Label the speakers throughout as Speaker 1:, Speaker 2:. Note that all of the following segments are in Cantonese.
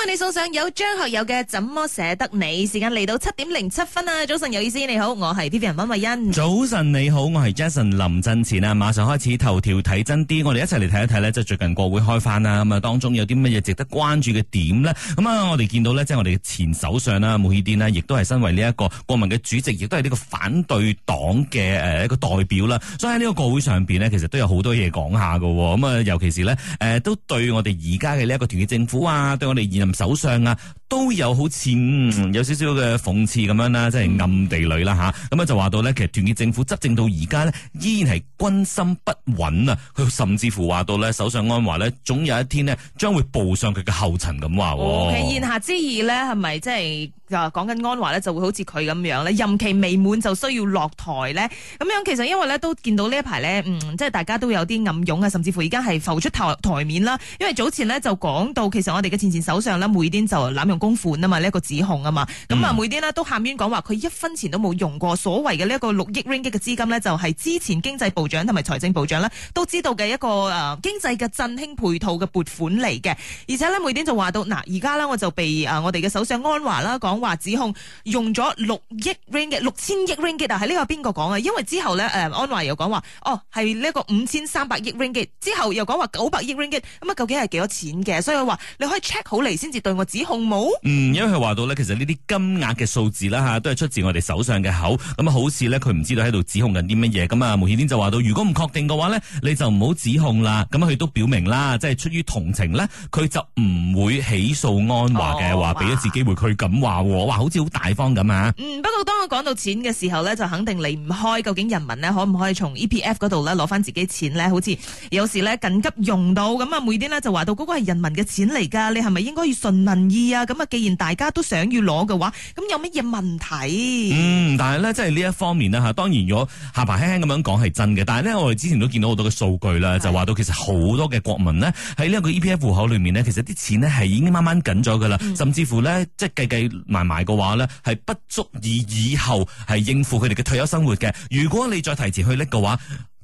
Speaker 1: 為你送上有張學友嘅《怎麼捨得你》，時間嚟到七點零七分啦。早晨有意思，你好，我係 P P R 溫慧
Speaker 2: 欣。早晨你好，我係 Jason 林振前啊！馬上開始頭條睇真啲，我哋一齊嚟睇一睇呢，即係最近國會開翻啦。咁啊，當中有啲乜嘢值得關注嘅點呢？咁啊，就是、我哋見到呢，即係我哋嘅前首相啦，慕尤丁咧，亦都係身為呢一個國民嘅主席，亦都係呢個反對黨嘅誒一個代表啦。所以喺呢個國會上邊呢，其實都有好多嘢講下噶。咁啊，尤其是呢，誒，都對我哋而家嘅呢一個團結政府啊，對我哋首相啊，都有好似、嗯、有少少嘅諷刺咁樣啦，即係暗地裏啦吓，咁、啊嗯嗯、就話到咧，其實團結政府執政到而家咧，依然係軍心不穩啊。佢甚至乎話到咧，首相安華咧，總有一天咧，將會步上佢嘅後塵咁話。其言下
Speaker 1: 之意咧，係咪即係就講、是、緊、啊、安華咧，就會好似佢咁樣咧，任期未滿就需要落台咧？咁樣其實因為咧，都見到一呢一排咧，嗯，即係大家都有啲暗湧啊，甚至乎而家係浮出台台面啦。因為早前咧就講到，其實我哋嘅前前首相。每甸就濫用公款啊嘛，呢、這、一個指控啊嘛，咁、嗯、啊，梅甸呢都喊冤講話，佢一分錢都冇用過，所謂嘅呢一個六億 ringgit 嘅資金呢，就係之前經濟部長同埋財政部長呢都知道嘅一個誒、呃、經濟嘅振興配套嘅撥款嚟嘅，而且呢，梅甸就話到嗱，而家呢我就被誒、呃、我哋嘅首相安華啦講話指控用咗六億 ringgit、六千億 ringgit 啊，係、這、呢個邊個講啊？因為之後呢，誒、呃、安華又講話，哦係呢個五千三百億 ringgit，之後又講話九百億 ringgit，咁啊究竟係幾多錢嘅？所以我話你可以 check 好嚟先。即係對我指控冇，
Speaker 2: 嗯，因為佢話到咧，其實呢啲金額嘅數字啦吓，都係出自我哋手上嘅口，咁、嗯、啊，好似咧佢唔知道喺度指控緊啲乜嘢，咁、嗯、啊，梅綺天就話到，如果唔確定嘅話咧、嗯，你就唔好指控啦。咁、嗯、啊，佢都表明啦，即係出於同情咧，佢就唔會起訴安華嘅話，俾一次機會佢咁話，哇，好似好大方咁啊。
Speaker 1: 嗯，不過當我講到錢嘅時候咧，就肯定離唔開究竟人民呢，可唔可以從 E P F 嗰度咧攞翻自己錢咧？好似有時咧緊急用到，咁、嗯、啊，梅綺天呢，就話到嗰個係人民嘅錢嚟噶，你係咪應該要？順民意啊，咁啊，既然大家都想要攞嘅話，咁有乜嘢問題？
Speaker 2: 嗯，但係咧，即係呢一方面呢。吓，當然如果下巴輕輕咁樣講係真嘅，但係呢，我哋之前都見到好多嘅數據啦，就話到其實好多嘅國民呢，喺呢個 E P F 戶口裏面呢，其實啲錢呢係已經慢慢緊咗噶啦，甚至乎呢，即係計計埋埋嘅話呢，係不足以以後係應付佢哋嘅退休生活嘅。如果你再提前去拎嘅話，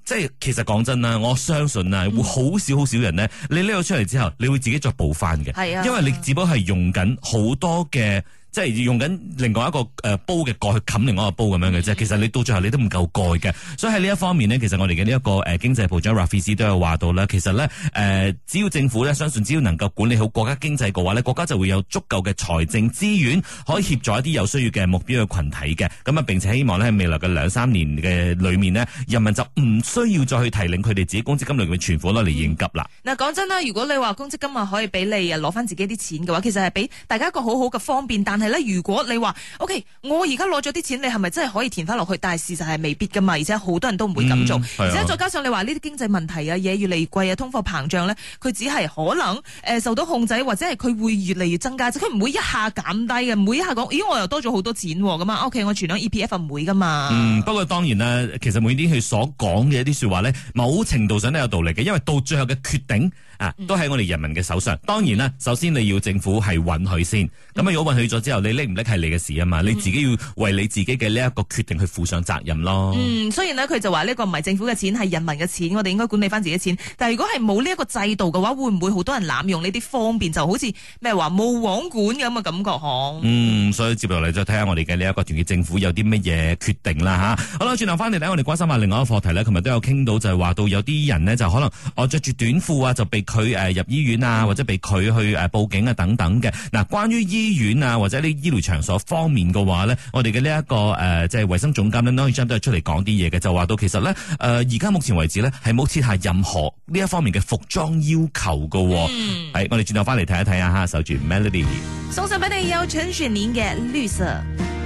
Speaker 2: 即係其實講真啦，我相信啊會好少好少人咧，你呢個出嚟之後，你會自己再補翻嘅，係啊，因為你只不過係用緊好多嘅。即係要用緊另外一個誒煲嘅蓋去冚另外一個煲咁樣嘅啫，其實你到最後你都唔夠蓋嘅，所以喺呢一方面呢，其實我哋嘅呢一個誒經濟部長 Rafizi 都有話到啦，其實呢，誒、呃、只要政府咧相信，只要能夠管理好國家經濟嘅話呢，國家就會有足夠嘅財政資源可以協助一啲有需要嘅目標嘅群體嘅，咁啊並且希望呢，喺未來嘅兩三年嘅裏面呢，人民就唔需要再去提領佢哋自己公積金裏面嘅存款攞嚟應急啦。
Speaker 1: 嗱，講真啦，如果你話公積金啊可以俾你啊攞翻自己啲錢嘅話，其實係俾大家一個好好嘅方便，但係。如果你話 O K，我而家攞咗啲錢，你係咪真係可以填翻落去？但係事實係未必噶嘛，而且好多人都唔會咁做、嗯。而且再加上你話呢啲經濟問題啊嘢越嚟越貴啊，通貨膨脹咧，佢只係可能誒受到控制，或者係佢會越嚟越增加，即佢唔會一下減低嘅，唔會一下講咦我又多咗好多錢咁、啊、嘛。o、OK, K，我存咗 E P F 唔會噶嘛？嗯，
Speaker 2: 不過當然啦，其實每啲佢所講嘅一啲說話咧，某程度上都有道理嘅，因為到最後嘅決定啊，都喺我哋人民嘅手上。當然啦，首先你要政府係允許先，咁如果允許咗之後。嗯你拎唔拎係你嘅事啊嘛，你自己要為你自己嘅呢一個決定去負上責任咯。嗯，
Speaker 1: 雖然呢，佢就話呢個唔係政府嘅錢，係人民嘅錢，我哋應該管理翻自己嘅錢。但係如果係冇呢一個制度嘅話，會唔會好多人濫用呢啲方便？就好似咩話冇網管咁
Speaker 2: 嘅感覺，嗬。嗯，所以接落嚟再睇下我哋嘅呢一個團結政府有啲乜嘢決定啦，吓。好啦，轉頭翻嚟睇我哋關心下另外一個課題呢，琴日都有傾到就係話到有啲人呢，就可能我着住短褲啊，就被佢誒入醫院啊，或者被佢去誒報警啊等等嘅。嗱，關於醫院啊或者喺啲醫療場所方面嘅話咧，我哋嘅呢一個誒，即係衛生總監咧，可以將都係出嚟講啲嘢嘅，就話到其實咧，誒而家目前為止咧，係冇設下任何呢一方面嘅服裝要求嘅，哦。嗯，係、哎、我哋轉頭翻嚟睇一睇啊吓，守住 Melody，送
Speaker 1: 上俾你有陳雪凝嘅綠色。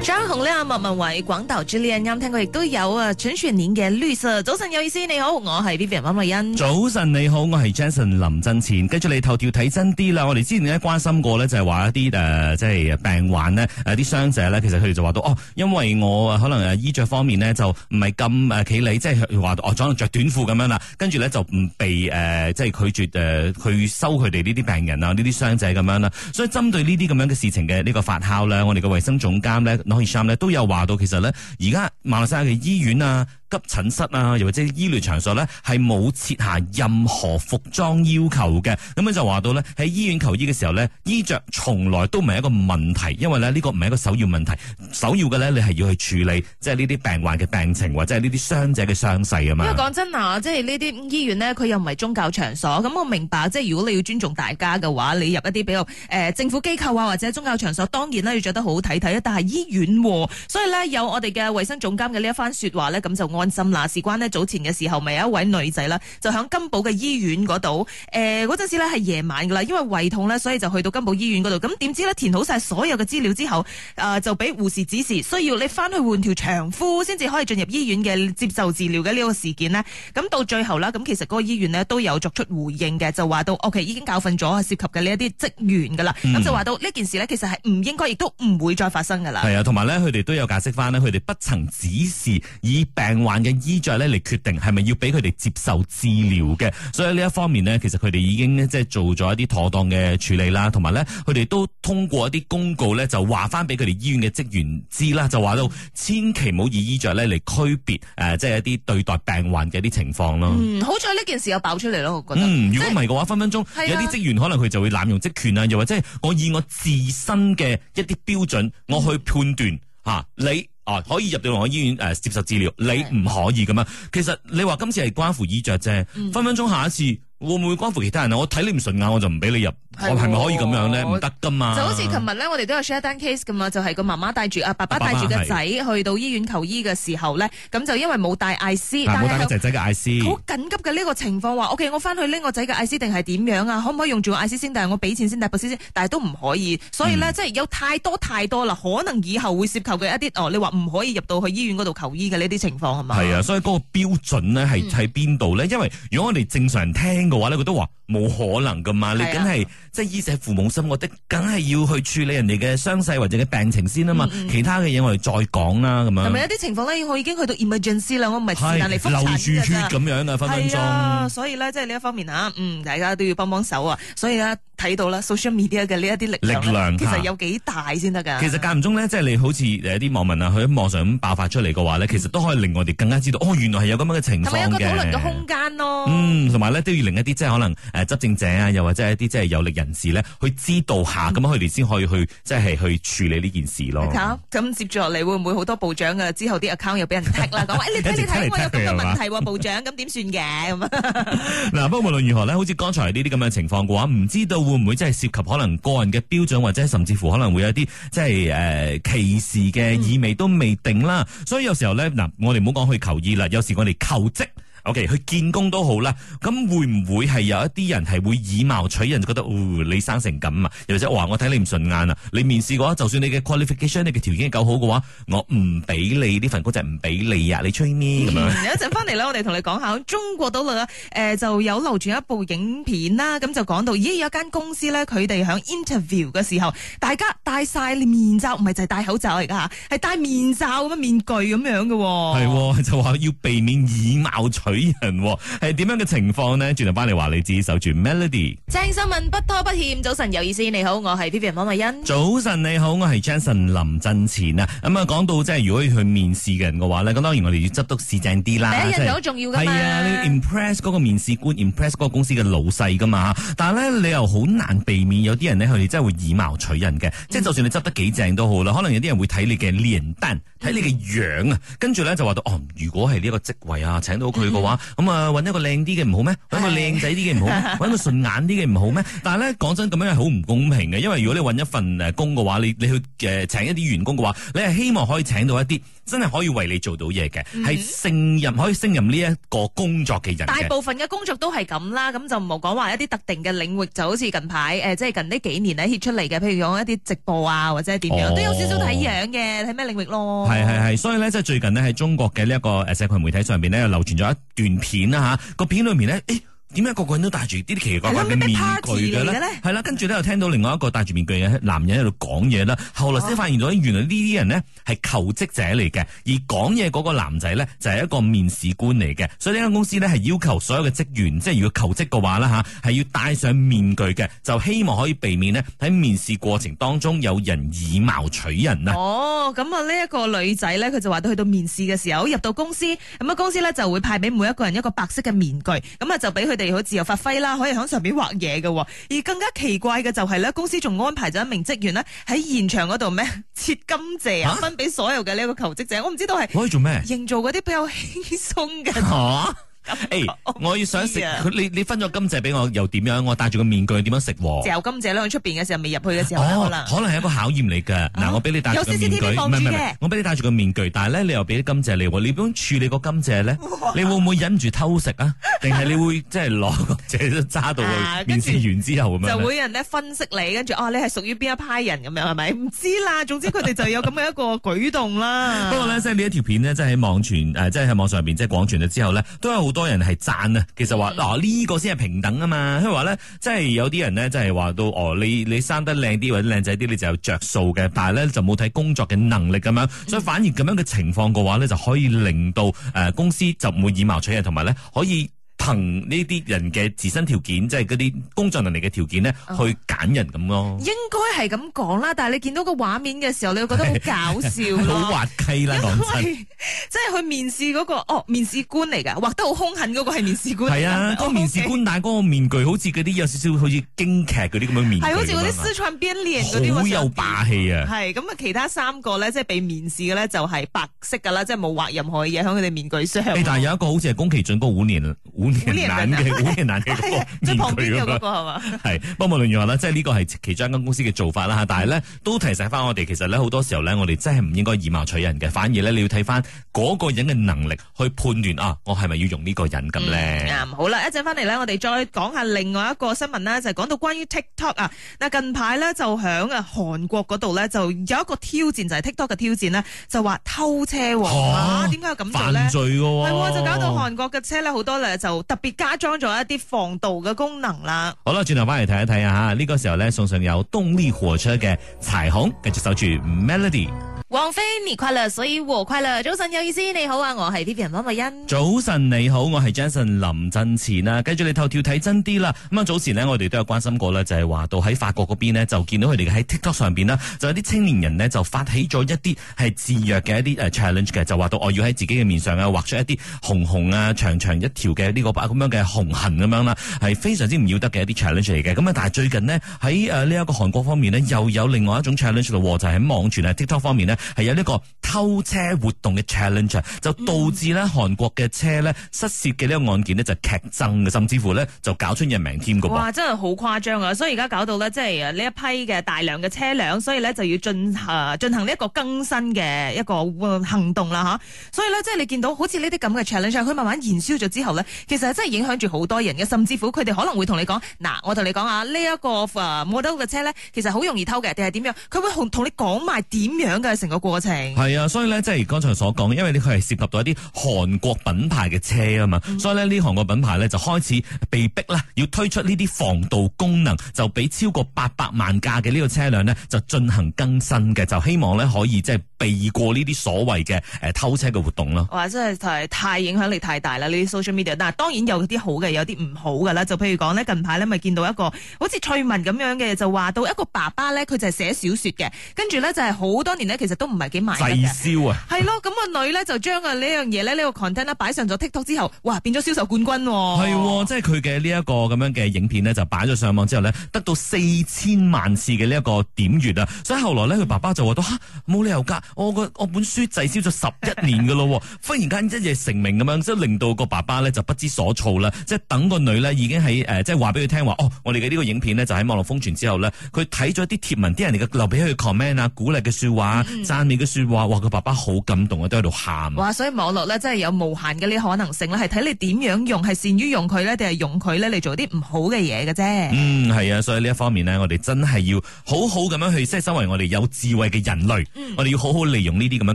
Speaker 1: 張紅阿莫文偉、廣島之戀、Julian 啱聽過，亦都有啊！陳雪蓮嘅綠色早晨有意思，你好，我係 Vivian 溫麗欣。
Speaker 2: 早晨你好，我係 Jason 林振前。跟住你頭條睇真啲啦，我哋之前咧關心過呢，就係、是、話一啲誒、呃，即係病患呢，啲、呃、傷者呢。其實佢哋就話到哦，因為我可能誒衣着方面呢，就唔係咁誒企理，即係話哦，可能着短褲咁樣啦，跟住呢，就唔被誒即係拒絕誒去收佢哋呢啲病人啊，呢啲傷者咁樣啦。所以針對呢啲咁樣嘅事情嘅呢、這個發酵咧，我哋嘅衛生總監呢。康醫生咧都有話到，其實咧而家馬來西亞嘅醫院啊。急診室啊，又或者醫療場所呢，係冇設下任何服裝要求嘅。咁樣就話到呢，喺醫院求醫嘅時候呢，衣着從來都唔係一個問題，因為咧呢、呢個唔係一個首要問題。首要嘅呢，你係要去處理即係呢啲病患嘅病情，或者係呢啲傷者嘅傷勢啊嘛。因為
Speaker 1: 講真啊，即係呢啲醫院呢，佢又唔係宗教場所，咁我明白。即係如果你要尊重大家嘅話，你入一啲比較誒、呃、政府機構啊，或者宗教場所，當然咧要着得好好睇睇。但係醫院、啊，所以呢，有我哋嘅衛生總監嘅呢一番說話呢，咁就安心啦，事關呢。早前嘅時候，咪有一位女仔啦，就響金寶嘅醫院嗰度，誒嗰陣時呢係夜晚噶啦，因為胃痛呢，所以就去到金寶醫院嗰度。咁點知呢？填好晒所有嘅資料之後，誒、呃、就俾護士指示需要你翻去換條長褲先至可以進入醫院嘅接受治療嘅呢個事件呢，咁到最後啦，咁其實嗰個醫院呢都有作出回應嘅，就話到 O、OK、K 已經教訓咗涉及嘅呢一啲職員噶啦。咁、嗯、就話到呢件事呢，其實係唔應該，亦都唔會再發生噶啦。係啊，同
Speaker 2: 埋呢，佢哋都有解釋翻呢，佢哋不曾指示以病扮嘅衣著咧嚟決定係咪要俾佢哋接受治療嘅，所以呢一方面呢，其實佢哋已經即係做咗一啲妥當嘅處理啦，同埋咧，佢哋都通過一啲公告咧，就話翻俾佢哋醫院嘅職員知啦，就話到千祈唔好以衣著咧嚟區別誒，即係一啲對待病患嘅一啲情況咯。嗯，
Speaker 1: 好在呢件事又爆出嚟咯，我覺得。嗯，
Speaker 2: 如果唔係嘅話，分分鐘，就是，有啲職員可能佢就會濫用職權啊，又或者我以我自身嘅一啲標準我去判斷，嗯，啊你。啊、可以入到我醫院誒、呃、接受治療，你唔可以咁樣，其實你話今次係關乎衣着啫，分分鐘下一次會唔會關乎其他人啊？我睇你唔順眼，我就唔俾你入。我係咪可以咁樣咧，唔得噶嘛。就好似琴日
Speaker 1: 咧，我哋都有 share one case 噶嘛，就係、是、個媽媽帶住阿爸爸帶住個仔去到醫院求醫嘅時候咧，咁就因為冇帶 IC 冇帶個仔
Speaker 2: 仔嘅 IC 好
Speaker 1: 緊急嘅呢個情況話，O K，我翻去拎我仔嘅 IC 定係點樣啊？可唔可以用住我 IC 先？定係我俾錢先？定係俾錢先？但係都唔可以，所以咧、嗯，即係有太多太多啦，可能以後會涉及嘅一啲哦，你話唔可以入到去醫院嗰度求醫嘅呢啲情況係嘛？係啊，
Speaker 2: 所以嗰個標準咧係喺邊度咧？因為如果我哋正常人聽嘅話咧，佢都話。冇可能噶嘛，啊、你梗係即係醫者父母心我哋，我哋梗係要去處理人哋嘅傷勢或者嘅病情先啊嘛、嗯嗯，其他嘅嘢我哋再講啦，咁樣。同埋一啲
Speaker 1: 情況咧，我已經去到 emergency 啦，我唔係但你流住血咁樣啊，分分鐘。啊、所以咧，即係呢一方面吓、啊，嗯，大家都要幫幫手啊。所以咧，睇到咧 social media 嘅呢一啲力力量，其實有幾大先得噶。其實
Speaker 2: 間唔中呢，即、就、係、是、你好似一啲網民啊，佢喺網上咁爆發出嚟嘅話呢，其實都可以令我哋更加知道，哦，原來係有咁樣嘅情況嘅。咁一個討
Speaker 1: 論嘅空
Speaker 2: 間咯。同埋都要另一啲即係可能。執政者啊，又或者係一啲即係有力人士咧，去知道下，咁佢哋先可以去即係、就是、去處理呢件事咯。
Speaker 1: 咁、啊、接住落嚟，會唔會好多部長啊？之後啲 account 又俾人踢啦、啊，講 話、哎、你睇睇我有冇問題喎、啊， 部長，咁點算嘅。咁
Speaker 2: 嗱，不過無論如何咧，好似剛才呢啲咁嘅情況嘅話，唔知道會唔會即係涉及可能個人嘅標準，或者甚至乎可能會有一啲即係誒歧視嘅意味都未定啦。嗯、所以有時候咧，嗱、啊，我哋唔好講去求醫啦，有時我哋求職。O.K. 佢見工都好啦，咁會唔會係有一啲人係會以貌取人？就覺得，哦、呃，你生成咁啊，又或者話我睇你唔順眼啊？你面試過啊？就算你嘅 qualification、你嘅條件夠好嘅話，我唔俾你呢份工作，唔俾你啊，你吹咩？咁樣。有、嗯、
Speaker 1: 一陣翻嚟啦，我哋同你講下中國度啦，誒、呃、就有流傳一部影片啦，咁就講到，咦、呃、有間公司咧，佢哋響 interview 嘅時候，大家戴曬面罩，唔係就係戴口罩嚟㗎嚇，係戴面罩咁面具咁樣嘅。係、
Speaker 2: 哦，就話要避免以貌取。啲人係、哦、點樣嘅情況呢？轉頭翻嚟話你知守住 Melody。
Speaker 1: 正新聞不拖不欠，早晨有意思，你好，我係 Vivian 方慧欣。
Speaker 2: 早晨你好，我係 Jason 林振前啊。咁、嗯、啊，講、嗯、到即、就、係、是、如果要去面試嘅人嘅話呢，咁當然我哋要執得四正啲啦，第一樣嘢好重要嘅。係、就是、啊，你要 impress 嗰個面試官、嗯、，impress 嗰個公司嘅老細噶嘛。但係呢，你又好難避免有啲人呢，佢哋真係會以貌取人嘅。即、就、係、是、就算你執得幾正都好啦、嗯，可能有啲人會睇你嘅履歷，睇你嘅樣啊。跟住咧就話到，哦，如果係呢個職位啊，請到佢話咁啊，揾一個靚啲嘅唔好咩？揾個靚仔啲嘅唔好咩？揾個順眼啲嘅唔好咩？但係咧講真，咁樣係好唔公平嘅，因為如果你揾一份誒工嘅話，你你去誒請一啲員工嘅話，你係希望可以請到一啲真係可以為你做到嘢嘅，係勝任可以勝任呢一個工作嘅人。大部
Speaker 1: 分嘅工作都係咁啦，咁就唔好講話一啲特定嘅領域，就好似近排誒，即係近呢幾年咧 hit 出嚟嘅，譬如講一啲直播啊，或者係點樣，都有少少睇樣嘅，睇咩領域咯。係係
Speaker 2: 係，所以咧即係最近咧喺中國嘅呢一個誒社群媒體上邊咧流傳咗一。段片啊吓，那個片裏面咧誒，欸點解個個人都戴住啲奇奇怪怪嘅面具嘅呢？係啦，跟住咧又聽到另外一個戴住面具嘅男人喺度講嘢啦。後來先發現咗，原來呢啲人呢係求職者嚟嘅，而講嘢嗰個男仔呢就係一個面試官嚟嘅。所以呢間公司呢係要求所有嘅職員，即係如果求職嘅話呢，吓，係要戴上面具嘅，就希望可以避免呢喺面試過程當中有人以貌取人啦。哦，
Speaker 1: 咁啊，呢一個女仔呢，佢就話到去到面試嘅時候，入到公司，咁啊公司呢就會派俾每一個人一個白色嘅面具，咁啊就俾佢。哋可自由發揮啦，可以喺上邊畫嘢嘅，而更加奇怪嘅就係、是、咧，公司仲安排咗一名職員咧喺現場嗰度咩切甘蔗啊，分俾所有嘅呢一個求職者，我唔知道係可以做咩，營造嗰啲比較輕鬆嘅。
Speaker 2: 誒、哎，我要想食，你你分咗甘蔗俾我，又點樣？我戴住、哦、個、啊、面具，點樣食？有
Speaker 1: 甘蔗咧，喺出邊嘅時候未入去嘅時候可能
Speaker 2: 可能係一個考驗嚟噶。嗱，我俾你戴住個面具，我俾你戴住個面具，但係咧，你又俾甘蔗嚟，你點樣處理個甘蔗咧？你會唔會忍住偷食 啊？定係你會即係攞只揸到面試完之後咁樣？就會有
Speaker 1: 人分析你，跟住哦，你係屬於邊一派人咁樣係咪？唔知啦，總之佢哋就有咁嘅一個舉動啦。不過
Speaker 2: 咧，即係呢一條片咧，即係喺網傳即係喺網上面，即係廣傳咗之後呢，都有好多。多人係讚啊！其實話，嗱呢個先係平等啊嘛，譬如話咧，即係有啲人咧，即係話到哦，你你生得靚啲或者靚仔啲，你就有着數嘅，但係咧就冇睇工作嘅能力咁樣，所以反而咁樣嘅情況嘅話咧，就可以令到誒、呃、公司就唔會以貌取人，同埋咧可以。憑呢啲人嘅自身條件，即係嗰啲工作能力嘅條件咧，oh. 去揀人咁咯。
Speaker 1: 應該係咁講啦，但係你見到個畫面嘅時候，你會覺得好搞笑好 滑
Speaker 2: 稽啦。因為真
Speaker 1: 即係去面試嗰、那個哦，面試官嚟噶，畫得好凶狠嗰個係面試官，、啊那個、官。係啊，嗰個面試
Speaker 2: 官戴嗰個面具好，好似嗰啲有少少好似京劇嗰啲咁樣面具樣。好似嗰啲四
Speaker 1: 川變臉嗰啲好有
Speaker 2: 霸氣啊。
Speaker 1: 係咁啊，其他三個咧，即係被面試嘅咧，就係、是、白色噶啦，即係
Speaker 2: 冇畫任何嘢喺佢哋面具上、欸。但係有一個好似係宮崎駿嗰五年。五年難嘅，難嘅、欸那個，即係旁邊嗰個係嘛？係，不過無論如何即係呢個係其中一間公司嘅做法啦，但係咧，都提醒翻我哋，其實咧好多時候咧，我哋真係唔應該以貌取人嘅，反而咧你要睇翻嗰個人嘅能力去判斷啊，我係咪要用呢個人咁咧？啱、嗯嗯，
Speaker 1: 好啦，一陣翻嚟咧，我哋再講下另外一個新聞啦，就係講到關於 TikTok 啊。嗱，近排咧就響啊韓國嗰度咧，就有一個挑戰就係、是、TikTok 嘅挑戰呢，就話偷車啊？點解有咁
Speaker 2: 做咧？犯罪噶、啊，係就搞到韓
Speaker 1: 國嘅車咧好多咧就。特別加裝咗一啲防盜嘅功能啦。
Speaker 2: 好啦，轉頭翻嚟睇一睇啊吓，呢個時候咧，送上由動力火車嘅彩虹，繼續守住 Melody。
Speaker 1: 王菲你
Speaker 2: 快樂，所以和快樂。早晨有意思，你好啊，我係 Melody 方慧欣。早晨你好，我係 Jason 林振前啊。繼續你頭條睇真啲啦。咁啊，早前呢，我哋都有關心過咧，就係話到喺法國嗰邊呢，就見到佢哋喺 TikTok 上邊咧，就有啲青年人呢，就發起咗一啲係自虐嘅一啲 challenge 嘅，就話到我要喺自己嘅面上啊畫出一啲紅紅啊長長一條嘅呢個咁樣嘅紅痕咁樣啦，係非常之唔要得嘅一啲 challenge 嚟嘅。咁啊，但係最近呢，喺誒呢一個韓國方面呢，又有另外一種 challenge 就係網傳啊 TikTok 方面呢。係有呢個偷車活動嘅 challenge，就導致咧韓國嘅車咧失竊嘅呢個案件呢，嗯，就劇增嘅，甚至乎呢，就搞出人命添嘅。哇！
Speaker 1: 真係好誇張啊！所以而家搞到呢，即係呢一批嘅大量嘅車輛，所以呢，就要進啊進行呢一個更新嘅一個、呃、行動啦，吓、啊！所以呢，即係你見到好似呢啲咁嘅 challenge，佢慢慢燃燒咗之後呢，其實真係影響住好多人嘅，甚至乎佢哋可能會同你講，嗱，我同你講啊，呢、這、一個 model 嘅車呢，其實好容易偷嘅，定係點樣？佢會同同你講埋點樣嘅個過程
Speaker 2: 係啊，所以咧即係剛才所講，因為呢佢係涉及到一啲韓國品牌嘅車啊嘛、嗯，所以咧呢韓國品牌咧就開始被逼咧要推出呢啲防盜功能，就俾超過八百萬架嘅呢個車輛咧就進行更新嘅，就希望咧可以即係。就是避過呢啲所謂嘅誒、呃、偷車嘅活動咯，
Speaker 1: 哇！真係太，太影響力太大啦！呢啲 social media，但係當然有啲好嘅，有啲唔好嘅啦。就譬如講近排咪見到一個好似蔡裕文咁樣嘅，就話到一個爸爸咧，佢就係寫小説嘅，跟住咧就係、是、好多年咧，其實都唔係幾賣得嘅。滯銷啊！係咯，咁個女咧就將啊呢樣嘢呢，個呢、呢個 content 咧擺上咗 TikTok 之後，哇！變咗銷售冠軍喎、啊。係，
Speaker 2: 即係佢嘅呢一個咁樣嘅影片咧，就擺咗上網之後咧，得到四千萬次嘅呢一個點閱啊！所以後來咧，佢、嗯、爸爸就話到冇、啊、理由㗎。我個我本書滯銷咗十一年噶咯， 忽然間一夜成名咁樣，即係令到個爸爸咧就不知所措啦。即係等個女咧，已經喺誒、呃，即係話俾佢聽話。哦，我哋嘅呢個影片呢，就喺網絡瘋傳之後呢，佢睇咗啲貼文，啲人嚟嘅留俾佢 comment 啊，鼓勵嘅說話、讚、嗯嗯、美嘅說話，哇！個爸爸好感動啊，都喺度喊。
Speaker 1: 哇！所以網絡咧真係有無限嘅呢可能性咧，係睇你點樣用，係善於用佢呢定係用佢呢嚟做啲唔好嘅嘢嘅啫。
Speaker 2: 嗯，係啊，所以呢一方面呢，我哋真係要好好咁樣去，即係身為我哋有智慧嘅人類，嗯、我哋要好好。利用呢啲咁樣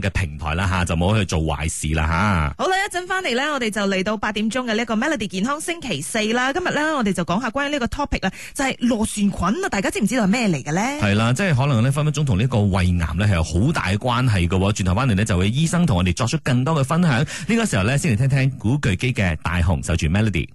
Speaker 2: 嘅平台啦吓，就唔好去做壞事啦吓。
Speaker 1: 好啦，一陣翻嚟，咧，我哋就嚟到八點鐘嘅呢個 Melody 健康星期四啦。今日咧，我哋就講下關於呢個 topic 咧，就係螺旋菌啊！大家知唔知道係咩嚟嘅咧？
Speaker 2: 係啦，即係可能呢分分鐘同呢個胃癌咧係有好大關係嘅喎。轉頭翻嚟呢，就會醫生同我哋作出更多嘅分享。呢個時候咧，先嚟聽聽古巨基嘅大雄守住 Melody。